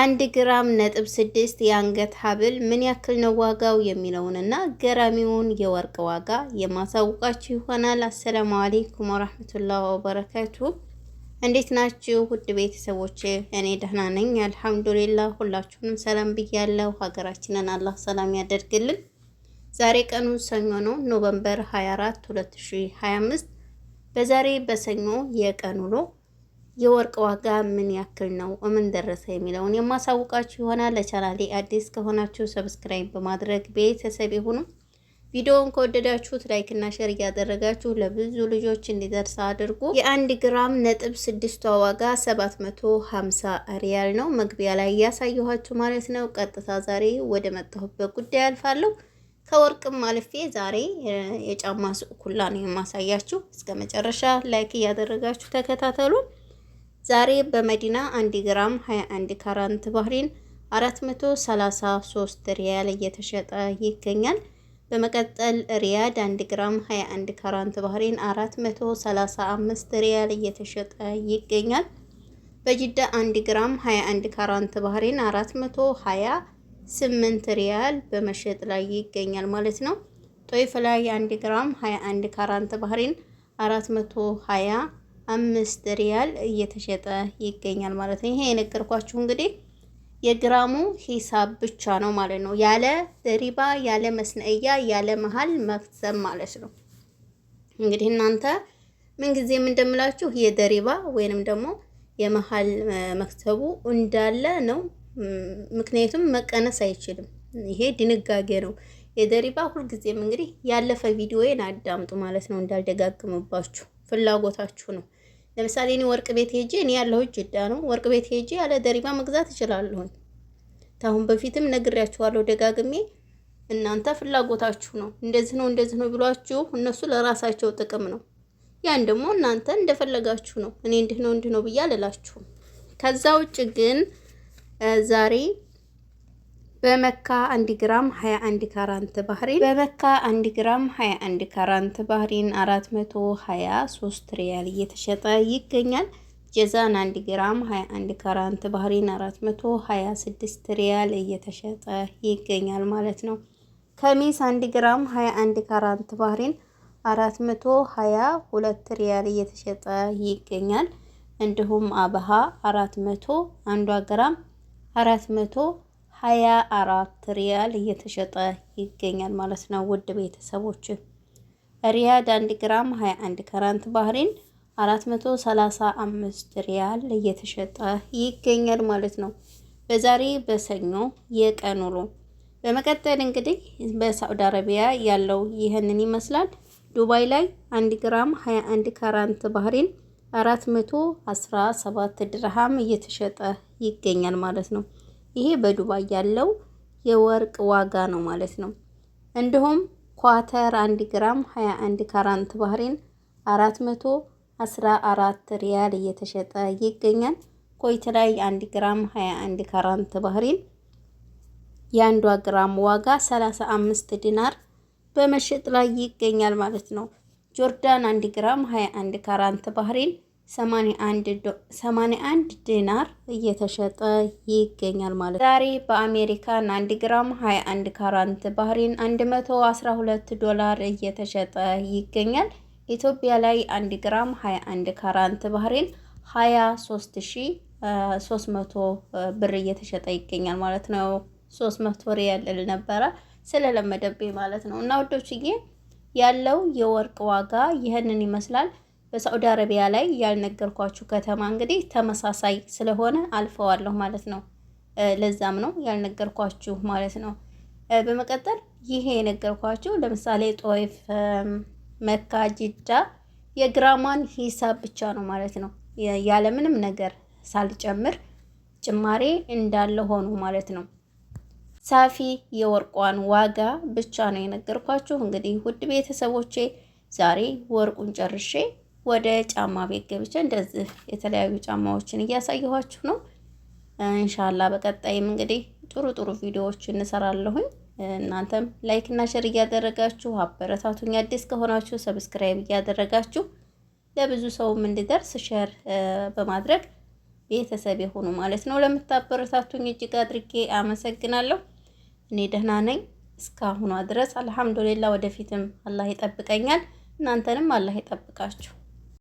አንድ ግራም ነጥብ ስድስት የአንገት ሀብል ምን ያክል ነው ዋጋው የሚለውንና ገራሚውን የወርቅ ዋጋ የማሳውቃችሁ ይሆናል። አሰላሙ አሌይኩም ወራህመቱላህ ወበረካቱ። እንዴት ናችሁ ውድ ቤተሰቦች? እኔ ደህና ነኝ አልሐምዱሊላ። ሁላችሁንም ሰላም ብያለሁ። ሀገራችንን አላህ ሰላም ያደርግልን። ዛሬ ቀኑ ሰኞ ነው፣ ኖቨምበር 24 2025። በዛሬ በሰኞ የቀን ውሎ የወርቅ ዋጋ ምን ያክል ነው፣ ምን ደረሰ የሚለውን የማሳውቃችሁ ይሆናል። ለቻናሌ አዲስ ከሆናችሁ ሰብስክራይብ በማድረግ ቤተሰብ የሆኑ ቪዲዮውን ከወደዳችሁት ላይክ እና ሼር እያደረጋችሁ ለብዙ ልጆች እንዲደርስ አድርጉ። የአንድ ግራም ነጥብ ስድስቷ ዋጋ 750 ሪያል ነው። መግቢያ ላይ እያሳየኋችሁ ማለት ነው። ቀጥታ ዛሬ ወደ መጣሁበት ጉዳይ አልፋለሁ። ከወርቅም አልፌ ዛሬ የጫማ ሱቅ ኩላ ነው የማሳያችሁ። እስከ መጨረሻ ላይክ እያደረጋችሁ ተከታተሉን። ዛሬ በመዲና 1 ግራም 21 ካራንት ባህሪን 433 ሪያል እየተሸጠ ይገኛል። በመቀጠል ሪያድ 1 ግራም 21 ካራንት ባህሪን 435 ሪያል እየተሸጠ ይገኛል። በጅዳ 1 ግራም 21 ካራንት ባህሪን 428 ሪያል በመሸጥ ላይ ይገኛል ማለት ነው። ጦይፍ ላይ 1 ግራም 21 ካራንት ባህሪን 420 አምስት ሪያል እየተሸጠ ይገኛል ማለት ነው። ይሄ የነገርኳችሁ እንግዲህ የግራሙ ሂሳብ ብቻ ነው ማለት ነው። ያለ ሪባ፣ ያለ መስነእያ፣ ያለ መሀል መክሰብ ማለት ነው። እንግዲህ እናንተ ምንጊዜም እንደምላችሁ የደሪባ ወይንም ደግሞ የመሀል መክተቡ እንዳለ ነው። ምክንያቱም መቀነስ አይችልም። ይሄ ድንጋጌ ነው። የደሪባ ሁልጊዜም እንግዲህ ያለፈ ቪዲዮዬን አዳምጡ ማለት ነው። እንዳልደጋግምባችሁ ፍላጎታችሁ ነው። ለምሳሌ እኔ ወርቅ ቤት ሄጄ እኔ ያለው ጅዳ ነው። ወርቅ ቤት ሄጄ ያለ ደሪባ መግዛት እችላለሁኝ። ታሁን በፊትም ነግሬያችኋለሁ ደጋግሜ። እናንተ ፍላጎታችሁ ነው እንደዚህ ነው እንደዚህ ነው ብሏችሁ እነሱ ለራሳቸው ጥቅም ነው። ያን ደግሞ እናንተ እንደፈለጋችሁ ነው። እኔ እንዲህ ነው እንዲህ ነው ብዬ አልላችሁም። ከዛ ውጭ ግን ዛሬ በመካ 1 ግራም 21 ካራንት ባህሪን በመካ 1 ግራም 21 ካራንት ባህሪን 423 ሪያል እየተሸጠ ይገኛል። ጀዛን 1 ግራም 21 ካራንት ባህሪን 426 ሪያል እየተሸጠ ይገኛል ማለት ነው። ከሚስ 1 ግራም 21 ካራንት ባህሪን 422 ሪያል እየተሸጠ ይገኛል። እንዲሁም አበሃ 400 አንዷ ግራም 400 ሀያ አራት ሪያል እየተሸጠ ይገኛል ማለት ነው። ውድ ቤተሰቦች ሪያድ አንድ ግራም 21 ከራንት ባህሪን 435 ሪያል እየተሸጠ ይገኛል ማለት ነው። በዛሬ በሰኞ የቀን ውሎ በመቀጠል እንግዲህ በሳዑዲ አረቢያ ያለው ይህንን ይመስላል። ዱባይ ላይ 1 ግራም 21 ካራንት ባህሪን 417 ድርሃም እየተሸጠ ይገኛል ማለት ነው። ይሄ በዱባይ ያለው የወርቅ ዋጋ ነው ማለት ነው። እንዲሁም ኳተር 1 ግራም 21 ካራንት ባህሬን 414 ሪያል እየተሸጠ ይገኛል። ኮይት ላይ 1 ግራም 21 ካራንት ባህሬን የአንዷ ግራም ዋጋ 35 ዲናር በመሸጥ ላይ ይገኛል ማለት ነው። ጆርዳን 1 ግራም 21 ካራንት ባህሬን 81 ዲናር እየተሸጠ ይገኛል ማለት ነው። ዛሬ በአሜሪካን 1 ግራም 21 ካራንት ባህሪን 112 ዶላር እየተሸጠ ይገኛል። ኢትዮጵያ ላይ 1 ግራም 21 ካራንት ባህሪን 23300 ብር እየተሸጠ ይገኛል ማለት ነው። 300 ሪያል ነበረ ስለለመደብኝ ማለት ነው። እና ወዶችዬ ያለው የወርቅ ዋጋ ይህንን ይመስላል። በሳዑዲ አረቢያ ላይ ያልነገርኳችሁ ከተማ እንግዲህ ተመሳሳይ ስለሆነ አልፈዋለሁ ማለት ነው። ለዛም ነው ያልነገርኳችሁ ማለት ነው። በመቀጠል ይሄ የነገርኳችሁ ለምሳሌ ጦይፍ፣ መካ፣ ጅዳ የግራማን ሂሳብ ብቻ ነው ማለት ነው። ያለምንም ነገር ሳልጨምር ጭማሬ እንዳለ ሆኑ ማለት ነው። ሳፊ የወርቋን ዋጋ ብቻ ነው የነገርኳችሁ። እንግዲህ ውድ ቤተሰቦቼ ዛሬ ወርቁን ጨርሼ ወደ ጫማ ቤት ገብቼ እንደዚህ የተለያዩ ጫማዎችን እያሳየኋችሁ ነው። እንሻላ በቀጣይም እንግዲህ ጥሩ ጥሩ ቪዲዮዎች እንሰራለሁኝ። እናንተም ላይክ እና ሸር እያደረጋችሁ አበረታቱኝ። አዲስ ከሆናችሁ ሰብስክራይብ እያደረጋችሁ ለብዙ ሰውም እንዲደርስ ሸር በማድረግ ቤተሰብ የሆኑ ማለት ነው። ለምታበረታቱኝ እጅግ አድርጌ አመሰግናለሁ። እኔ ደህና ነኝ እስካሁኗ ድረስ አልሐምዱሊላ። ወደፊትም አላህ ይጠብቀኛል። እናንተንም አላህ ይጠብቃችሁ።